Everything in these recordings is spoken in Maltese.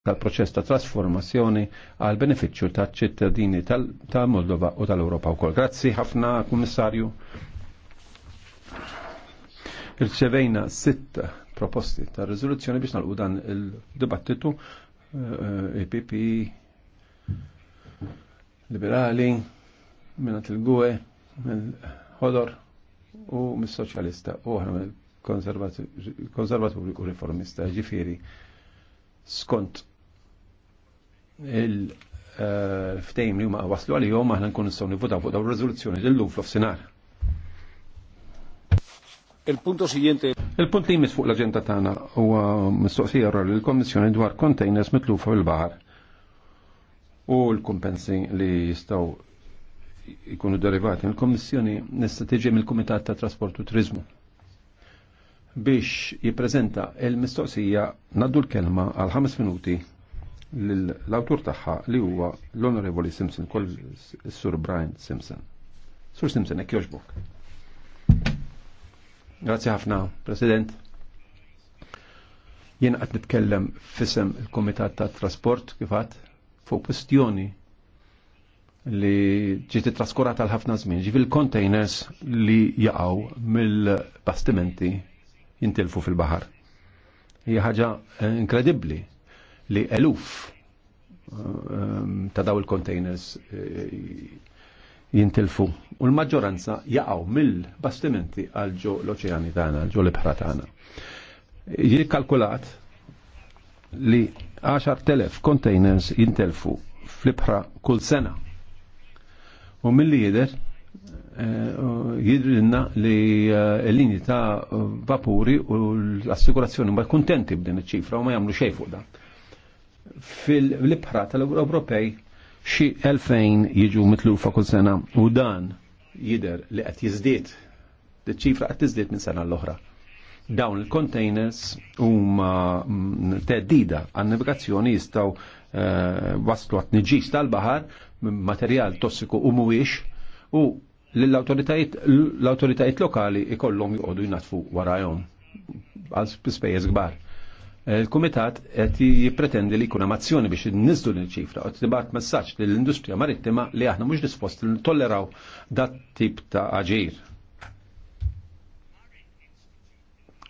tal-proċess ta' trasformazzjoni għal beneficju ta' ċittadini tal-Moldova u tal-Europa wkoll. Grazzi ħafna, Kummissarju. Irċevejna sitt proposti ta' riżoluzzjoni biex nalqu dan il-dibattitu EPP eh, e Liberali minnat il-GUE mill-ħodor u mis-soċjalista u ħana mill-konservaturi u riformista ġifiri skont il-ftejm li huma waslu għalihom aħna nkun nistgħu nivvotaw fuq dawn ir-riżoluzzjoni lillum fl Il-punto siguiente. Il-punt li jmiss fuq l-aġenda tagħna huwa mistoqsija li l-Kommissjoni dwar containers mitlufa fil-baħar u l-kumpensi li jistgħu jkunu derivati mill-Kommissjoni nista' tiġi mill-Kumitat ta' Trasport u Turizmu biex jippreżenta l mistoqsija naddu l-kelma għal ħames minuti l-autur tagħha li huwa l-Onorevoli Simpson, kol Sur Brian Simpson. Sur Simpson, ekki jogħġbok. Grazzi ħafna, President. Jien għat nitkellem fissem il-Kumitat tat Trasport kif għad fuq kwestjoni li ġiet traskurata għal ħafna żmien. Ġifi containers li jaqgħu mill-bastimenti jintilfu fil-baħar. Hija ħaġa eh, inkredibbli li eluf ehm, ta' daw il-containers eh, jintilfu. U l-maġġoranza jaqaw mill-bastimenti għal ġo l-oċeani tagħna, ġo l-ibħra tagħna. Jiġi kalkulat li 10,000 containers jintelfu fl-ibħra kull sena. U mill-li jider, eh, jidrinna li eh, l-linji ta' vapuri u l-assigurazzjoni ma' kontenti b'din iċ-ċifra u ma' jamlu xej fuq fil-libħra tal-Ewropej xi 2000 jiġu mitlufa kull sena u dan jider li qed jiżdied ċifra qed tiżdied minn sena l-oħra. Dawn il-containers huma mm, teddida għan navigazzjoni jistgħu eh, waslu għat niġis tal-baħar materjal tossiku u mhuwiex u l-autoritajiet lokali ikollhom joqogħdu jnatfu warajhom għal spejjeż kbar il-Kumitat qed jippretendi li jkun hemm azzjoni biex inniżdu din ċifra qed tibgħat messaġġ lill-industrija marittima li aħna mhux disposti li ntolleraw dat tip ta' aġir.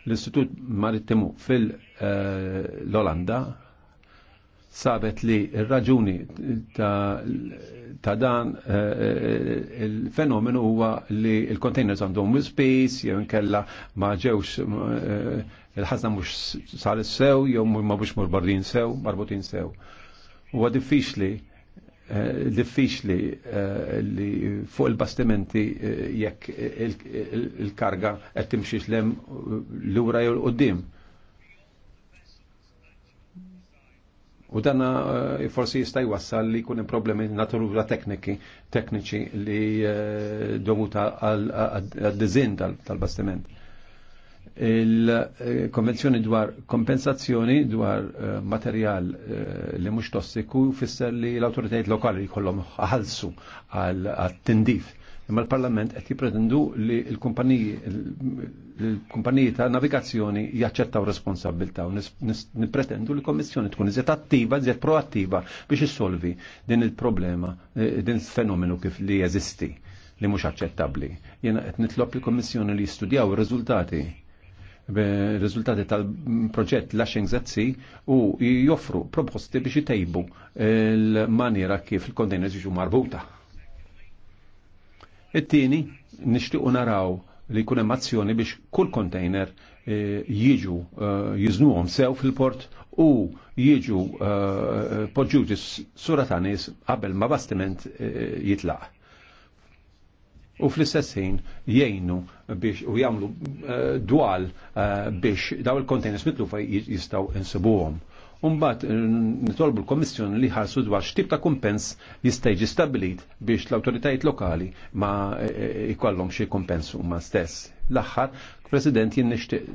L-Istitut Marittimu fil-Olanda eh, sabet li r-raġuni ta', ta dan eh, eh, il-fenomenu huwa li il-containers għandhom space jew inkella ma ġewx eh, il-ħazna mhux sar sew jew ma mhux barrin sew, marbutin sew. Huwa diffiċli diffiċli li fuq il-bastimenti jekk il-karga qed timxix lem lura jew l-qoddim U dan eh, forsi jista' jwassal li jkun problemi natura tekniki, tekniċi li eh, dovuta għal dizin tal-bastiment. Il-konvenzjoni eh, dwar kompensazzjoni dwar materjal li mhux tossiku fisser li l-autoritajiet lokali jkollhom ħalsu għal tindif Imma l-Parlament qed jippretendu li l-kumpaniji ta' navigazzjoni jaċċettaw responsabilta u nippretendu li l-Kommissjoni tkun iżjed attiva, iżjed proattiva biex issolvi din il-problema, eh, din il-fenomenu kif li jeżisti li mhux aċċettabbli. Jiena qed nitlob il-Kommissjoni li jistudjaw ir-riżultati rizultati tal-proġett Lashing ZC u joffru proposti biex jitejbu eh, l-maniera kif il-containers jiġu marbuta. It-tieni nixtiequ naraw li jkun hemm azzjoni biex kull container eh, jiġu eh, jiżnuhom sew fil-port u jiġu eh, poġġuti sura ta' nies qabel ma bastiment jitlaq. U fl-istess ħin jgħinu biex u jagħmlu dwal biex daw il-containers mitlufa jistgħu insibuhom Umbat eh, nitolbu l-Komissjoni li ħarsu dwar x'tip ta' kumpens jista' jiġi stabilit biex l-awtoritajiet lokali ma jkollhom eh, eh, xi kumpens huma stess. L-aħħar, President jien nixtieq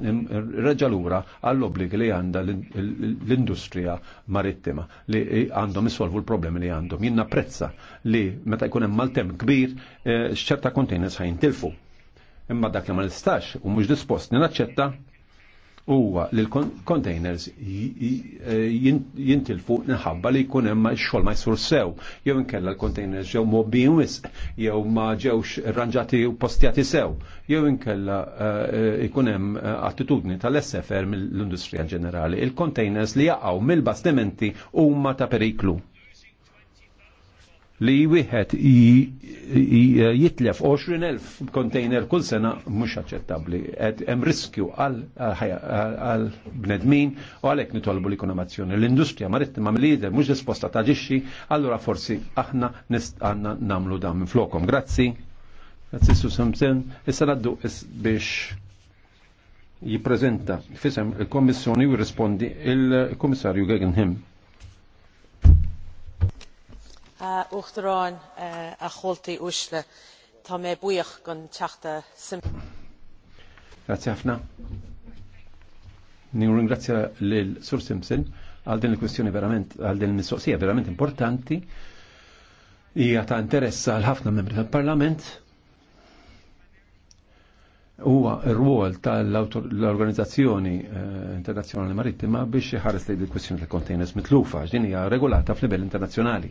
reġalura għall-obbligi li għandha l-industrija marittima li għandhom isolvu l-problemi li għandhom. Jien napprezza li meta jkun hemm maltem kbir x'ċerta containers ħajn tilfu. Imma dak li ma nistax u mhux dispost naċċetta huwa li l-containers eh, jintilfu nħabba li jkun hemm x-xogħol ma jsur sew, jew inkella l-containers ġew mobbin wisq, jew ma ġewx irranġati u postjati sew, jew inkella eh, eh, jkun hemm attitudni tal-SFR mill-industrija ġenerali. Il-containers li jaqgħu mill-bastimenti huma ta' periklu li wieħed jitlef 20.000 kontejner kull sena mhux aċċettabbli. Qed hemm riskju għal bnedmin u għalhekk nitolbu li kuna L-industrija marittima mill-lider mhux disposta taġixxi, allura forsi aħna għandna nagħmlu dan minn flokom. Grazzi. Grazzi Su Samsen. Issa naddu biex jippreżenta fisem il-Kommissjoni u jirrispondi il-Kummissarju Gegenhim uħtran aħolti uxle ta' me bujax għan ċaħta sim. Grazie ħafna. Niju ringrazja l-Sur Simpson għal din il-kwestjoni verament, għal din il-mistoqsija verament importanti. Hija ta' interessa għal ħafna membri tal-Parlament huwa r-rwol tal-Organizzazzjoni eh, Internazzjonali Marittima biex jħares li l-kwestjoni tal-containers mitlufa, din hija regolata f'livell internazzjonali.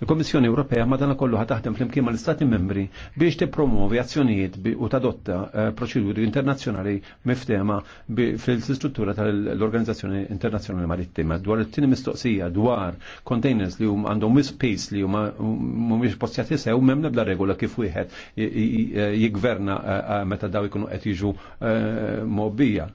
Il-Kommissjoni Ewropea madana kollu ħad taħdem flimkien mal-Istati membri biex tippromuovi azzjonijiet u tadotta eh, proċeduri internazzjonali miftema fil istruttura tal-Organizzazzjoni Internazzjonali Marittima dwar it-tieni mistoqsija dwar containers li hum għandhom space li huma mhumiex postjati sew memna bla regola kif wieħed jiggverna eh, meta daw ikunu kienu qed jiġu eh, mobbija.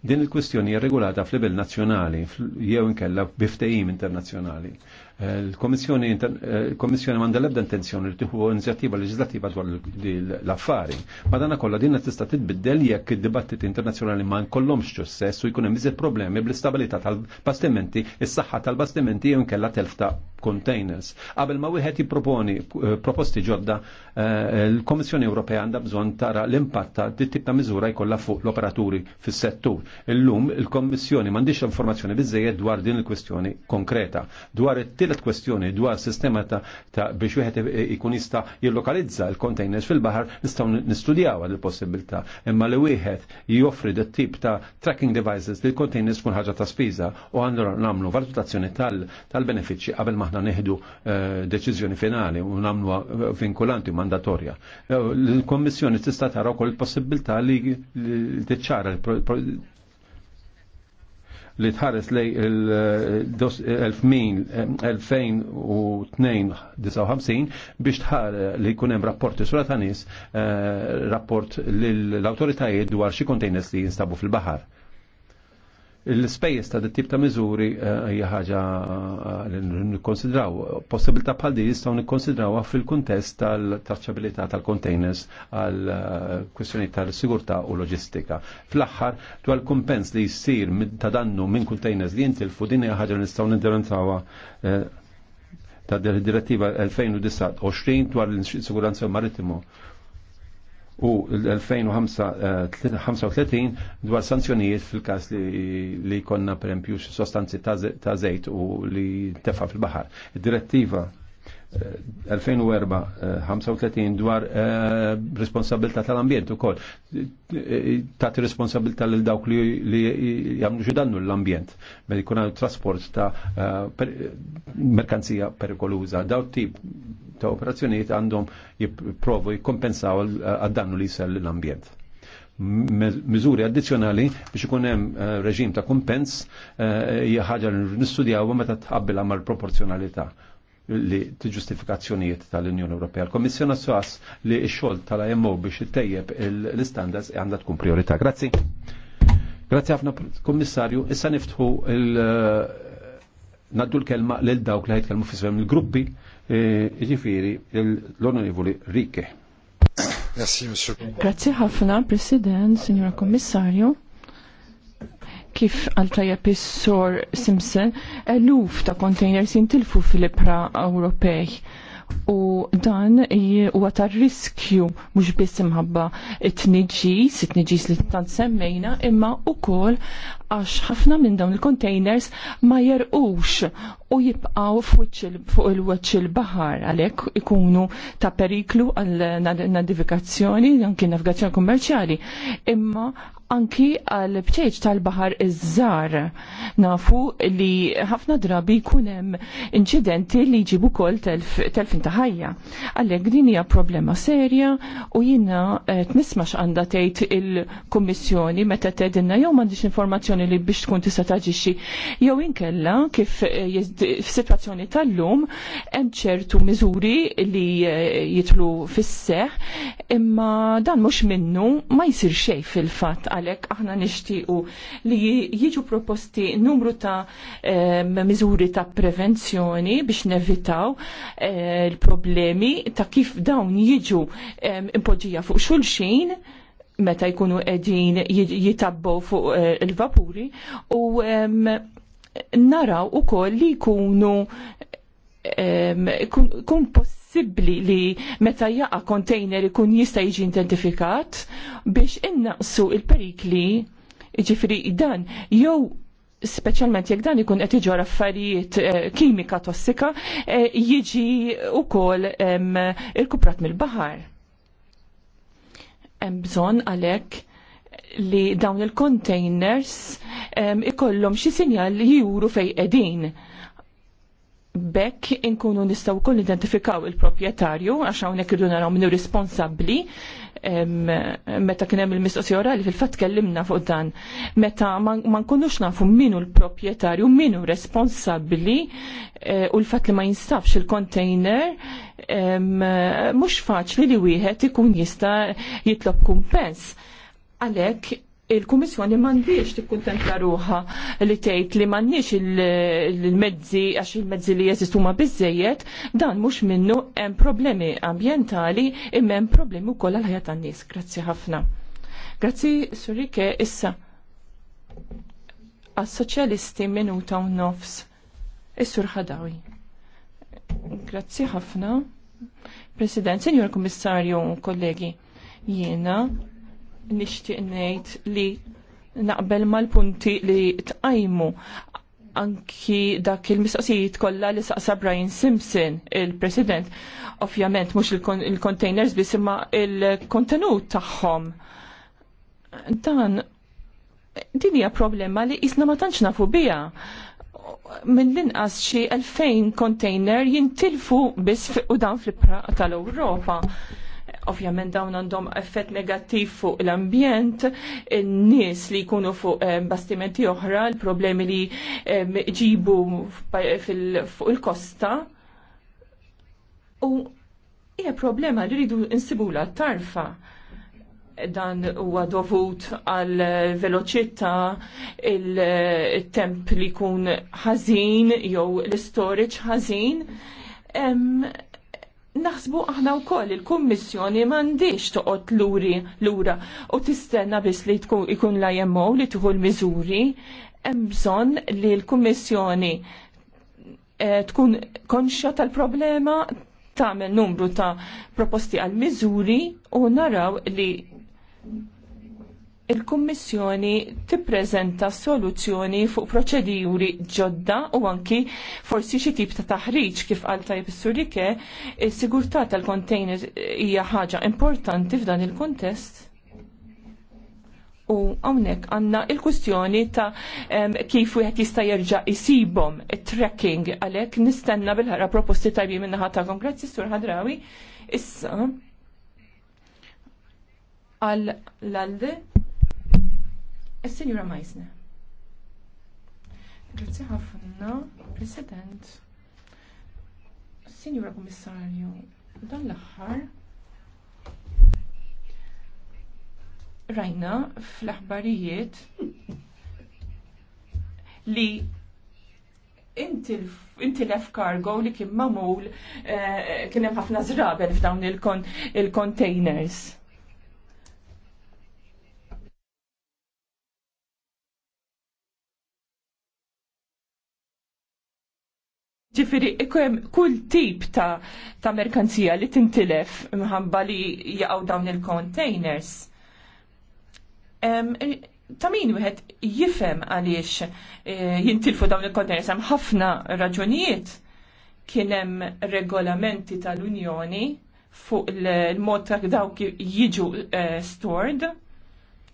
Din il-kwistjoni regolata fl-livell nazzjonali jew inkella biftehim internazzjonali. Il-Komissjoni eh, manda l-ebda intenzjoni li tieħu inizjattiva leġislattiva dwar l-affari. Madana kollha dinna tista' titbiddel jekk id-dibattiti internazzjonali ma nkollhomx ċossess u jkun hemm problemi bl-istabilità tal-bastimenti, is-saħħa tal-bastimenti jew inkella telf ta' containers. Qabel ma wieħed jipproponi eh, proposti ġodda, eh, l-Komissjoni Ewropea għandha bżonn tara l-impatt ta' dit-tip ta' miżura jkollha fuq l-operaturi fis-settur. Illum il-Kommissjoni m'għandix informazzjoni biżejjed dwar din il kwestjoni konkreta. Dwar it Tielet kwestjoni dwar sistema ta', ta biex wieħed ikun jista' jillokalizza l-containers fil-baħar nistgħu nistudjaw għal il-possibilità. Imma li wieħed joffri dat tip ta' tracking devices li l-containers tkun ħaġa ta' spiża u għandu nagħmlu valutazzjoni tal-benefiċċji qabel maħna neħdu eh, deċiżjoni finali u nagħmlu eh, vinkulanti mandatorja. Eh, L-Kommissjoni tista' tara wkoll il-possibilità li tiċċara li tħares lej il-2059 biex tħar li kunem rapporti sura ta' nis, rapport l-autoritajiet dwar xi containers li jinstabu fil-bahar l-spejjeż ta' tip ta' miżuri eh, hija ħaġa eh, li nikkonsidraw. Possibilità bħal di jistgħu nikkonsidrawha fil-kuntest tal-traċċabilità tal-containers għal eh, kwistjoni tal-sigurtà u loġistika. Fl-aħħar dwar kumpens li jsir ta' dannu minn containers li jintilfu din hija ħaġa li nistgħu nindiranzawha ta' direttiva 2029 dwar l siguranza marittimu u l-2035 dwar sanzjonijiet fil-kas li jkollna per sostanzi ta' zejt u li tefa fil-bahar. direttiva 2004-35 eh, eh, eh, dwar responsabilta tal-ambjent ukoll. Tat responsabilta l dawk li jagħmlu xi dannu l-ambjent. Meta jkun għandu trasport ta' merkanzija perikoluża. Daw tip ta' operazzjonijiet għandhom jipprovu jikkompensaw għad-dannu li jsel l-ambjent Mizuri addizzjonali biex ikun hemm reġim ta' kumpens hija ħaġa nistudjawha meta tqabbilha mal-proporzjonalità li t-ġustifikazzjonijiet tal-Unjoni Ewropea. L-Kommissjoni s li x-xogħol tal-IMO biex it-tejjeb l-standards għandha tkun priorità. Grazzi. Grazzi ħafna Kommissarju. Issa niftħu il- naddu l-kelma lil dawk li ħajtkellmu fisem il-gruppi e, ġifiri l-onorevoli Rike. Grazie ħafna, President, Signora Kommissarju kif għaltajab is-sor Simpson, eluf ta' containers jintilfu fil ipra Ewropej u dan huwa ta' riskju mhux biss imħabba t tniġis it-tniġis li tant semmejna, imma wkoll għax ħafna minn dawn il-containers ma jerqux u jibqaw fuq il-weċ il-bahar għalek ikunu ta' periklu għal-nadivikazzjoni, anki navigazzjoni kummerċjali, imma anki għal-bċeċ tal-bahar iż-żar. Nafu li ħafna drabi kunem inċidenti li ġibu kol telfin ta' ħajja. Għalek din hija problema serja u jina t-nismax għanda tejt il-kommissjoni meta tedinna jew għandix informazzjoni situazzjoni li biex tkun tista' taġixxi. Jew inkella kif eh, f'sitwazzjoni tal-lum hemm ċertu miżuri li eh, jitlu fis-seħ imma dan mhux minnu ma jsir xejn fil-fatt għalhekk aħna nixtiequ li jiġu proposti numru ta' eh, miżuri ta' prevenzjoni biex nevitaw il l-problemi ta' kif dawn jiġu eh, impoġija fuq xulxin meta jkunu qegħdin jitabbo fuq eh, il-vapuri u naraw ukoll li jkunu kun possibbli li meta jaqa kontejner ikun jista' jiġi identifikat biex innaqsu il-perikli ġifri dan jew speċjalment jekk dan ikun qed iġor affarijiet eh, kimika tossika eh, jiġi wkoll irkuprat mill-baħar Hemm bżonn għalhekk li dawn il-containers ikollhom xi sinjal li juru fejn qegħdin. Bekk inkunu nistgħu wkoll identifikaw il-proprjetarju għax hawnhekk irdu naraw minnu responsabbli meta kien hemm il-mistoqsija orali fil-fatt kellimna fuq dan. Meta ma nkunux nafu minu l-proprjetarju, minu responsabbli e, u l-fatt li ma jinstabx il-container mhux faċli li wieħed ikun jista' jitlob kumpens. Għalhekk il-Kummissjoni m'għandix tikkuntentla ruha li tgħid li m'għandniex il-mezzi għax il-mezzi li jeżistu ma biżejjed, dan mhux minnu hemm problemi ambjentali imma hemm problemi wkoll għal ħajja tan-nies. Grazzi ħafna. Grazzi Surike issa as soċjalisti minuta u nofs. Is-sur ħadawi. Grazzi ħafna. President, Senjor Kummissarju, kollegi, jiena nixtieq ngħid li naqbel mal-punti li tqajmu anki dak il-mistoqsijiet kollha li saqsa Brian Simpson, il-President, ovvjament mhux il-containers biss imma il-kontenut tagħhom. Dan din hija problema li isna ma tantx nafu biha mill-inqas xi 2000 container jintilfu biss u dan fl-ibra tal-Ewropa. Ovvjament dawn għandhom effett negattiv fuq l-ambjent, n-nies li jkunu fuq eh, bastimenti oħra, l-problemi li eh, ġibu fuq il-kosta. U hija problema li rridu la tarfa dan huwa dovut għal veloċità il-temp li jkun ħażin jew l-istoriċ ħażin naħsbu aħna u koll il-kommissjoni mandiċ toqot luri lura u tistenna bis li tkun ikun la jemmu li tuħu l-mizuri bżon li l-kommissjoni eh, tkun konxja tal-problema tagħmel numru ta' proposti għal miżuri u naraw li il-Kummissjoni tippreżenta soluzzjoni fuq proċeduri ġodda u anki forsi xi tip ta' taħriġ kif qal tajb is-surike, is-sigurtà tal-containers hija ħaġa importanti f'dan il-kuntest. U hawnhekk għandna il-kustjoni ta' kif wieħed jista' jerġa' isibhom it-tracking għalhekk nistenna bil-ħara proposti tajbi min-naħa tagħkom. Sur Ħadrawi. Issa għal l-għalde Is-Sinjura Meisner. Grazzi ħafna, President. Sinjura Komissarju, dan l-aħħar rajna fl-aħbarijiet li inti intilef kargo li kien mamul eh, kien hemm ħafna żrabel f'dawn il-containers. Ġifiri, kull tip ta', ta merkanzija li tintilef mħabba li jaqaw dawn il-containers. Eh, ta' min wieħed jifhem għaliex eh, jintilfu dawn il-containers hemm ħafna raġunijiet kien hemm regolamenti tal-Unjoni fuq il-mod ta' dawk jiġu eh, stored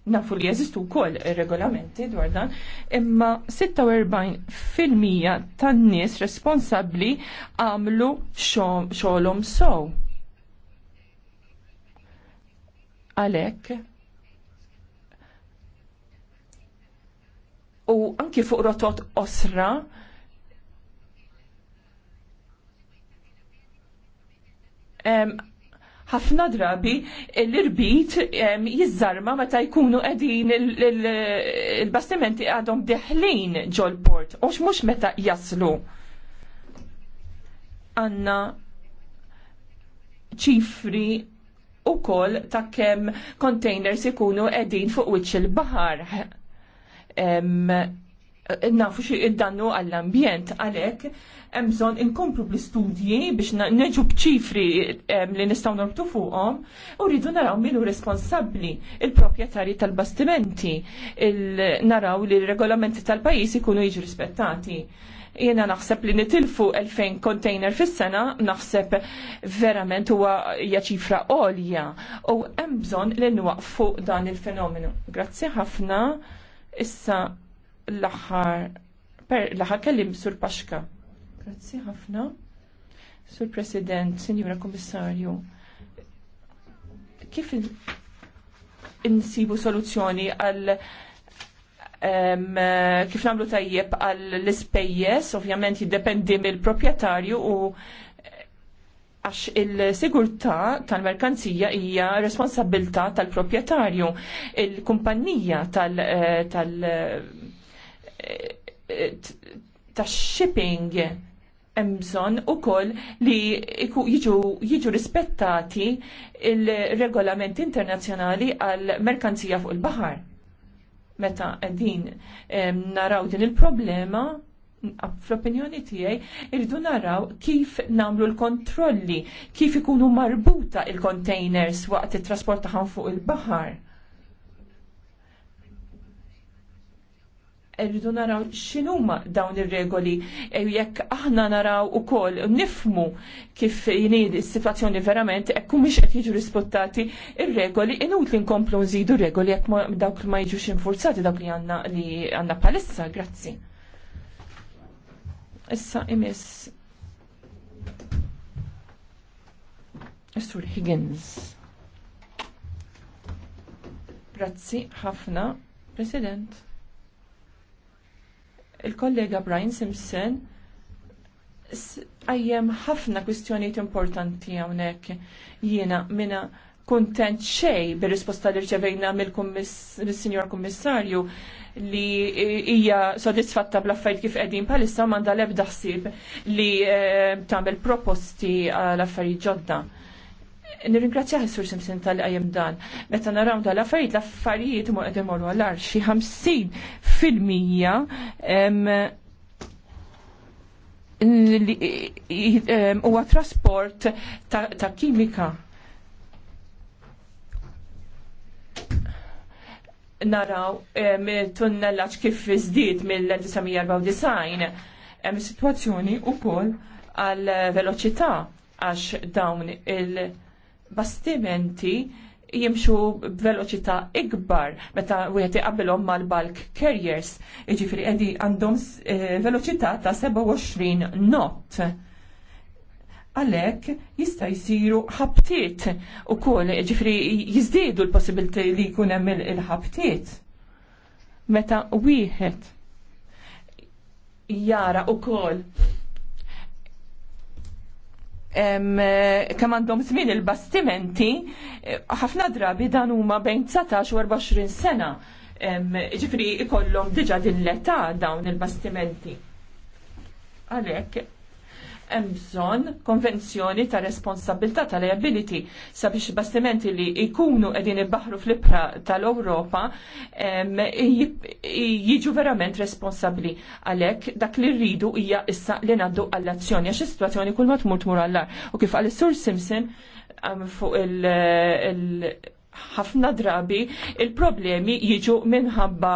nafu li jeżistu wkoll regolamenti dwar dan, imma 46% tan-nies responsabbli għamlu xogħolhom sow. Għalhekk u anki fuq rotot osra um, ħafna drabi l-irbit jizzarma meta jkunu qegħdin il-bastimenti għadhom deħlin ġol-port, u mhux meta jaslu. Għanna ċifri u kol ta' kem containers ikunu għedin fuq wiċċ il-bahar nafu xi id-dannu għall-ambjent għalhekk hemm bżonn inkomplu bl studji biex neġu b'ċifri li nistgħu nortu fuqhom u rridu naraw minu responsabli responsabbli il-proprjetarji tal-bastimenti, naraw li l-regolamenti tal-pajjiż ikunu jiġi rispettati. Jena naħseb li nitilfu 2000 container fis-sena naħseb verament huwa hija ċifra għolja u hemm bżonn li nwaqfu dan il-fenomenu. Grazzi ħafna. Issa l-aħħar l-aħħar kellim Sur Paxka. Grazzi ħafna. Sur President, Sinjura Kommissarju, kif insibu soluzzjoni għal um, kif namlu tajjeb għal l spejjes ovvjament jiddependi mill-propjetarju u għax il-sigurtà tal-merkanzija hija responsabilità tal-propjetarju. Il-kumpanija tal-, eh, -tal ta' shipping hemm bżonn ukoll li jiġu rispettati il-regolament internazzjonali għal merkanzija fuq il-baħar. Meta din naraw din il-problema, fl-opinjoni tiegħi irridu naraw kif nagħmlu l-kontrolli, kif ikunu marbuta il-containers waqt il trasport taħan fuq il-baħar. rridu naraw x'inhuma dawn ir-regoli e jekk aħna naraw ukoll nifmu kif jinid s-sitwazzjoni verament hekk mhux qed jiġu rispettati ir-regoli inutli nkomplu nżidu regoli jekk dawk li ma jiġux infurzati dawk li għandna li għandna bħalissa, grazzi. Issa imis. Sur Higgins. Grazzi ħafna, President il-kollega Brian Simpson għajjem ħafna kwistjonijiet importanti hawnhekk jiena minna kuntent xej bir-risposta li rċevejna mill-Sinjor Kummissarju li hija sodisfatta bl-affarijiet kif qegħdin bħalissa m'għandha l-ebda ħsieb li eh, tagħmel proposti għal affarijiet ġodda Nirringrazzja Sur Simpson tal-qajem dan. Meta naraw tal-affarijiet, l-affarijiet mu għedem imorru għallar xi 50 fil-mija huwa trasport ta' kimika. Naraw tunnellaċ kif żdied mill-1994 hemm situazzjoni wkoll għal veloċità għax dawn il- bastimenti jimxu b'veloċità ikbar meta wieħed iqabbilhom mal-bulk carriers, jiġifieri qegħdi għandhom eh, veloċità ta' 27 knot. Għalhekk jista' jsiru ħabtiet ukoll ġifri jiżdiedu l-possibilità li jkun hemm il-ħabtiet. Meta wieħed jara ukoll kemm għandhom żmien il-bastimenti, ħafna drabi dan huma bejn 19 u 24 sena. Ġifri ikollhom diġa din l-età dawn il-bastimenti. Għalhekk hemm bżonn konvenzjoni ta' responsabilità ta' liability sabiex bastimenti li jkunu qegħdin ibbaħru fl-ibra tal-Ewropa jiġu verament responsabbli għalhekk dak li rridu hija issa li ngħaddu għall-azzjoni għax is-sitwazzjoni kull ma tmur tmur għall U kif qal sur Simpson fuq il- ħafna drabi il-problemi jiġu minħabba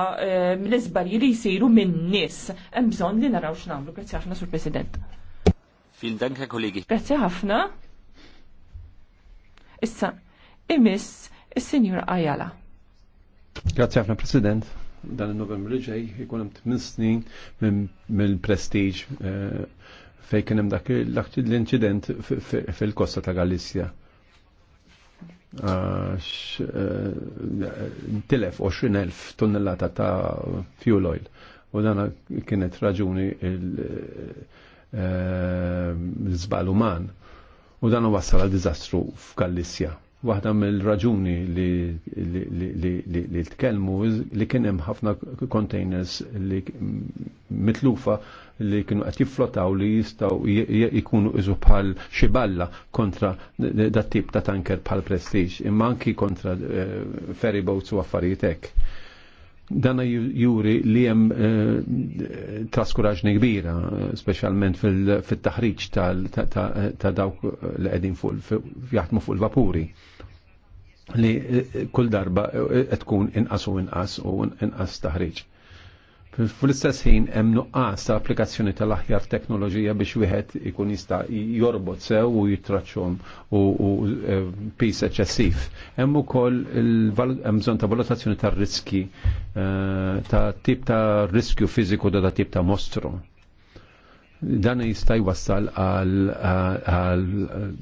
l-izbalji li jisiru minn nis. Hemm bżonn li naraw nagħmlu. Grazzi ħafna, Sur President. Vielen Dank, Herr Kollege. Grazie ħafna. Issa, imis il sinjur Ayala. Grazie ħafna, President dan il novem li ġej ikun hemm tmien snin mill-prestiġ eh, fejn kien dak l incident fil-Kosta ta' Galizja. Eh, tilef 20.000 tonnellata ta' fuel oil u dan kienet raġuni il- Eh, żbal uman u dan wassal għal diżastru f'Kallissja. Waħda mill-raġuni li tkellmu li kien hemm ħafna containers li mitlufa li kienu qed jifflotaw li jistgħu jkunu iżu bħal xi balla kontra dat tip ta' tanker bħal Prestige, imma anki kontra eh, ferry boats u affarijiet hekk Dana juri li jem eh, traskuraġni kbira, specialment fil-taħriċ ta' dawk li għedin jaħdmu fuq il-vapuri li eh, kull darba eh, tkun inqas u inqas u inqas taħriġ. Fl-istess ħin hemm nuqqas ta' applikazzjoni tal-aħjar teknoloġija biex wieħed ikun jista' jorbot sew u jitraċċhom u e, pis eċċessiv. Hemm ukoll hemm bżonn ta' valutazzjoni tar-riski e, ta' tip ta' riskju fiżiku da ta' tip ta' mostru dan jista' jwassal għal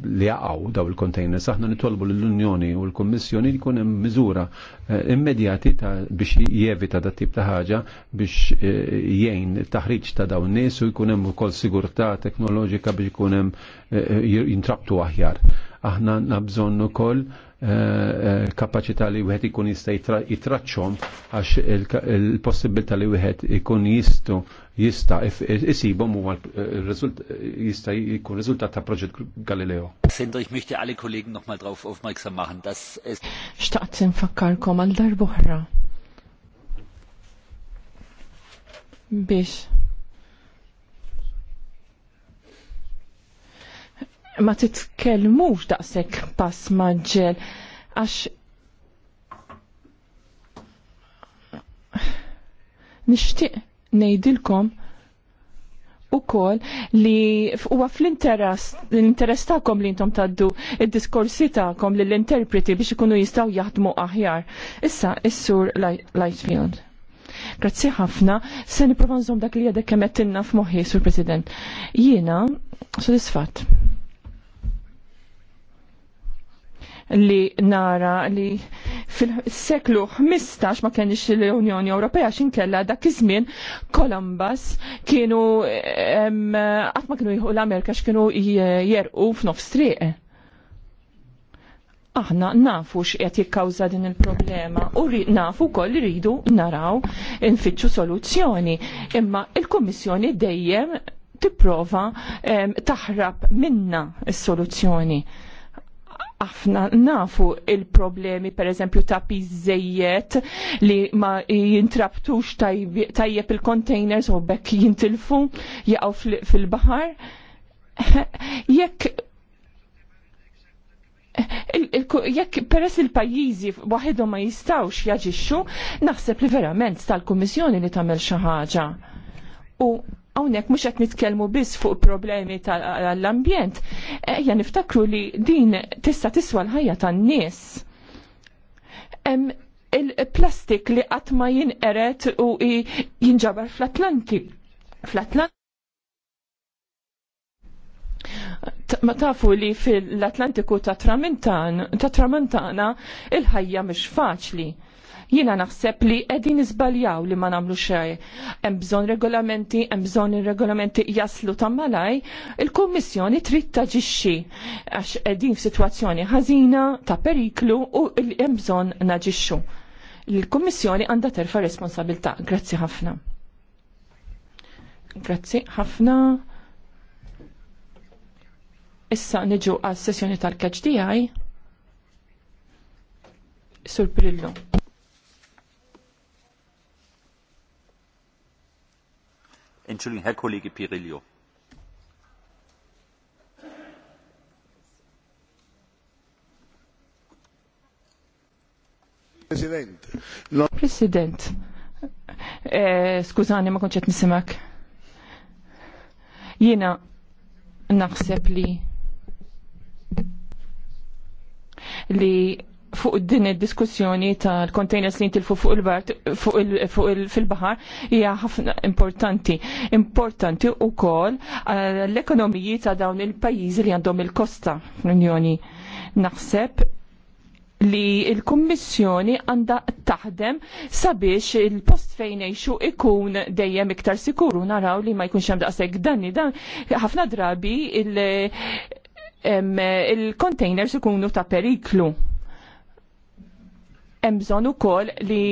li jaqgħu daw il-containers. Aħna nitolbu lill-Unjoni u l-Kummissjoni li jkun hemm miżura eh, immedjati biex jevita dat tip ta' ħaġa biex eh, jgħin taħriġ ta' dawn nies u jkun hemm ukoll sigurtà teknoloġika biex jkun hemm eh, jintrabtu aħjar. Aħna nabżonn ukoll Eh, eh, kapacità li wieħed ikun jista' jitraċċhom għax il-possibilità li wieħed ikun jistu jista' isibhom huwa eh, jista' jkun riżultat ta' proġett Galileo. Sindo ich möchte alle Kollegen noch mal drauf aufmerksam machen, dass es Xtaqt infakkarkom għal darbohra. Biex ma titkellmux daqshekk pass maġġel għax nixtieq ngħidilkom u kol li huwa fl-interess l-interess tagħkom li intom taddu id-diskorsi tagħkom lill interpreti biex ikunu jistgħu jaħdmu aħjar. Issa is-sur Lightfield. Grazzi ħafna, se nipprova nżomm dak li għadek kemettinna f'moħħi, Sur President. Jiena, sodisfatt li nara li fil-seklu 15 ma kienx l-Unjoni Ewropea xinkella dak iż-żmien Columbus kienu qatt ma kienu jħu l-Amerika x'kienu jerqu f'nofs triq. Aħna nafu x'qed jikkawża din il-problema u nafu wkoll iridu naraw infittxu soluzzjoni. Imma il-Kummissjoni dejjem tipprova taħrab minna s-soluzzjoni Aħna nafu il-problemi per eżempju ta' pizzejiet li ma jintrabtux tajjeb il-containers u bekk jintilfu jaqgħu fil-baħar. Jekk jekk peress il-pajjiżi waħedhom ma jistawx jaġixxu, naħseb li verament tal-Kummissjoni li tagħmel xi ħaġa. U Hawnhekk mhux qed nitkellmu biss fuq problemi tal-ambjent, ejja niftakru li din tista' tiswa l-ħajja tan-nies il-plastik li qatt ma jinqeret u jinġabar fl-Atlanti. Fl-Atlanti. Ma tafu li fil-Atlantiku ta' Tramontan, il-ħajja mhix faċli. Jina naħseb li edin izbaljaw li ma namlu xej. Hemm bżonn regolamenti, hemm bżonn regolamenti jaslu ta' malaj, il-Kummissjoni trid taġixxi għax qegħdin f'sitwazzjoni ħażina ta' periklu u hemm bżonn naġixxu. Il-Kummissjoni għandha terfa' responsabilità. Grazzi ħafna. Grazzi ħafna. Issa niġu għas sessjoni tal khdi Sur Prillo. Entschuldigung, Herr Kollege Pirillo. President. No. President. Eh, skużani, ma konċet nisimak. Jena naħseb li li fuq din id-diskussjoni tal-containers li jintilfu fuq il-bart fuq il fil-bahar hija ħafna importanti. Importanti wkoll eh, l-ekonomiji ta' dawn il-pajjiżi li għandhom il-kosta l-Unjoni. Naħseb li il-Kummissjoni għandha taħdem sabiex il-post fejn nejxu ikun dejjem iktar sikuru naraw li ma jkunx hemm daqshekk danni dan ħafna drabi il-containers ikunu ta' periklu hemm bżonn ukoll li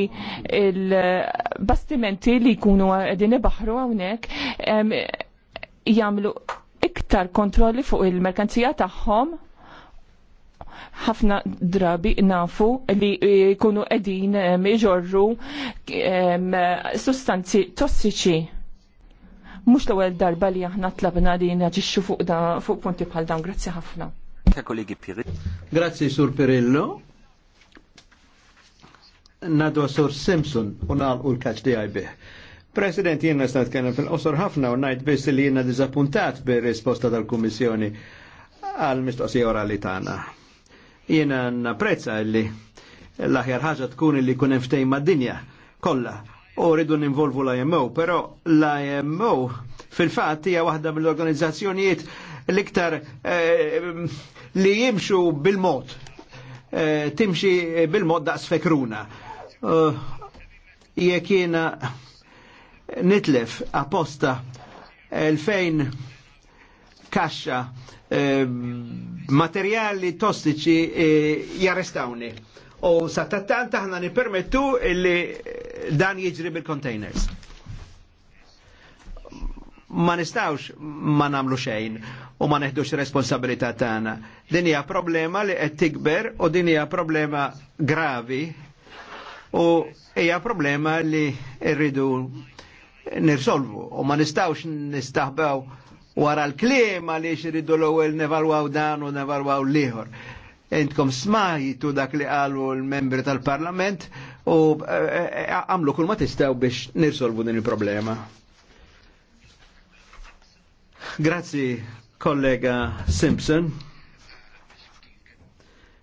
l-bastimenti li jkunu qegħdin ibaħru hawnhekk jagħmlu iktar kontrolli fuq il-merkanzija tagħhom ħafna drabi nafu li jkunu qegħdin meġorru sustanzi tossiċi. Mhux l-ewwel darba li aħna tlabna li naġiċu fuq, punti bħal dawn. Grazzi ħafna. Grazzi Sur Perillo. Nadu Sur Simpson u u l-kaċ di President, jenna stat kena fil-qosor ħafna u najt biss li jenna dizappuntat bi risposta tal kummissjoni għal-mistoqsija orali tana. Jiena napprezza li l-aħjar ħaġa tkun li kunem ftejn mad-dinja kollha u rridu ninvolvu l-IMO, pero l-IMO fil-fatt hija waħda mill-organizzazzjonijiet l-iktar eh, li jimxu bil-mod eh, timxi bil-mod daqs fekruna. Eh, jekk jiena nitlef apposta l-fejn kaxxa eh, materjali tossiċi eh, jarrestawni. U sa aħna nipermettu illi dan jiġri bil-containers. Ma nistawx ma namlu xejn u ma neħdux responsabilità tagħna. Din hija problema li qed tikber u din hija problema gravi u hija problema li rridu nirsolvu u ma nistawx nistaħbew wara l-kliem għaliex irridu l-ewwel nevalwaw dan u nevalwaw l-ieħor. Intkom smajtu dak li qalu l-membri tal-Parlament u eh, eh, għamlu kull ma tistaw biex nirsolvu din il-problema. Grazzi kollega Simpson.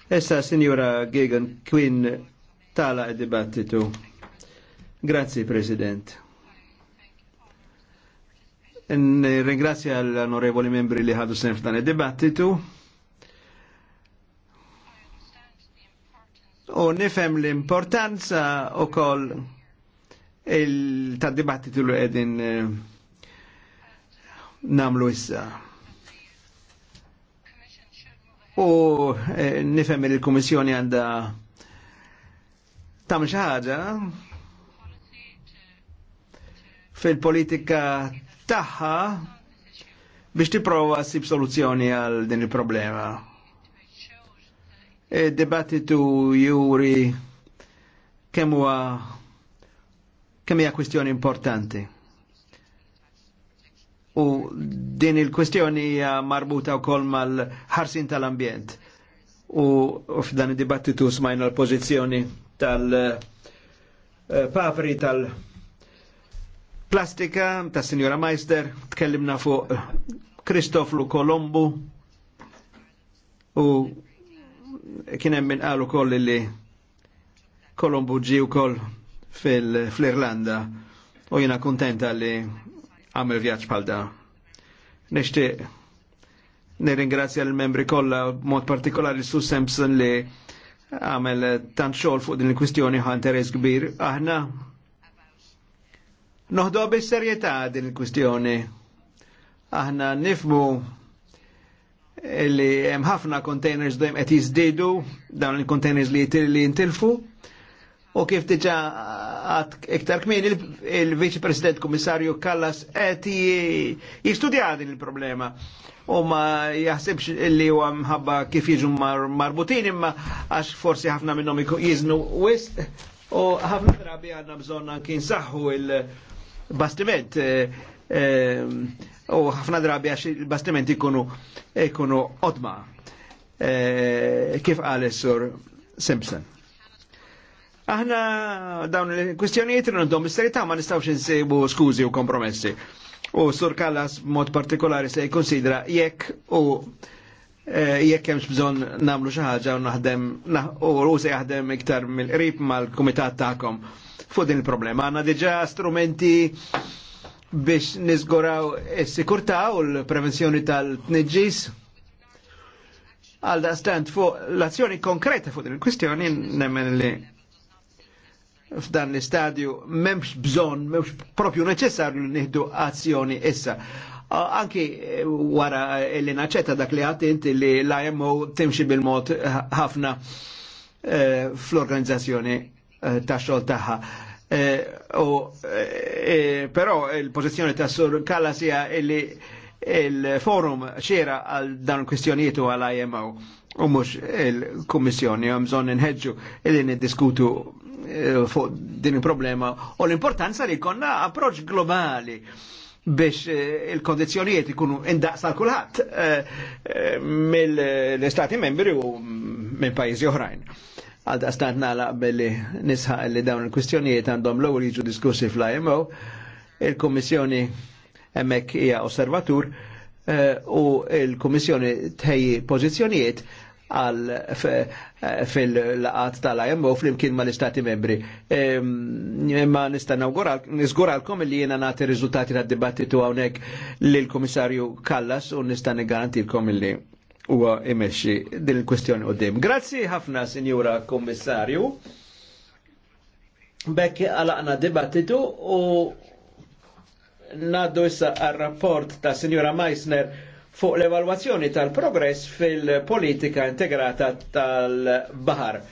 Essa signora Gigan Quinn tala id-dibattitu. Grazie, President. Ringrazio gli onorevoli membri li ħadu sempre f'dan id-dibattitu. U nifem l-importanza u koll il-tad-dibattitu li għedin eh, namlu issa. U eh, nifem il-Komissjoni għanda tam xaħġa fil-politika taħħa biex tipprova sib soluzzjoni għal din il-problema. Il-debattitu juri kemm huwa kemm hija kwistjoni importanti. U din il-kwistjoni hija marbuta wkoll mal-ħarsin tal-ambjent. U f'dan id-dibattitu smajna l-pożizzjoni tal-papri eh, tal-plastika ta' Signora Meister, tkellimna fuq Kristoflu Kolombu u kien hemm min qalu koll li Kolombu ġi wkoll fl irlanda u jiena kuntenta li għamil vjaġġ bħal da. Nixtieq nirringrazzja l-membri kollha mod partikolari Sue Simpson li għamel tant xogħol fuq din il-kwistjoni ħa interess kbir. Aħna noħdu bis-serjetà din il-kwistjoni. Aħna nifmu li hemm ħafna containers dejjem qed jiżdiedu dawn il-containers li jitil li jintilfu u kif diġà għat iktar kmin il-Vice President Komissarju Kallas għet jistudja din il-problema u ma jaħsibx li huwa mħabba kif jiġu marbutin imma għax forsi ħafna minnhom jiznu wisq u ħafna drabi għandna bżonn anki nsaħħu il-bastiment eh, eh, u ħafna drabi għax il-bastiment ikunu ikunu odma eh, kif qal sur Simpson. Aħna dawn il-kwistjonijiet irnundhom is ma nistgħux insibu skużi u kompromessi. U Sur Kallas mod partikolari se jkonsidra jekk u eh, jekk hemmx bżonn nagħmlu xi ħaġa u naħdem u se jaħdem iktar mill-qrib mal-kumitat tagħkom fuq din il-problema. Għandna diġà strumenti biex nizguraw is-sikurtà u l-prevenzjoni tal-tniġġis għal da stand fuq l-azzjoni konkreta fuq din il-kwistjoni nemmen li f'dan l-istadju memx bżon, memx propju neċessarju li nihdu azzjoni issa. Anki e, wara e, li naċetta dak li għatint li l-IMO timxi bil-mod ħafna e, fl-organizzazzjoni ta' xol taħħa. Però il pozizjoni ta' Sur kalla sija li il-forum ċera għal dan kwistjonijiet u għal IMO u mux il-Kommissjoni għam bżon nħedġu il-din diskutu eh, fuq din il-problema u l-importanza li konna approċ globali biex eh, il-kondizjonijiet ikunu indaqsa l-kulħat eh, mill-Stati membri u minn pajizi oħrajn għal daqstant nala billi nisħaq li dawn il-kwistjonijiet għandhom l-ewwel jiġu diskussi fl-IMO, il kommissjoni emmek hija osservatur eh, u il komissjoni tħejji pożizzjonijiet għal eh, fil-laqat tal-IMO fl-imkien ma l-istati membri. Ma nista nizguralkom li jena nati rizultati ta' dibattitu għawnek l-Komissarju Kallas u nista garantilkom li huwa imexxi din il-kwestjoni dim. Grazzi ħafna, Sinjura Kommissarju. Bekk għalaqna dibattitu u naddu issa għal-rapport ta' Signora Meissner fuq l-evalwazzjoni tal-progress fil-politika integrata tal-Bahar.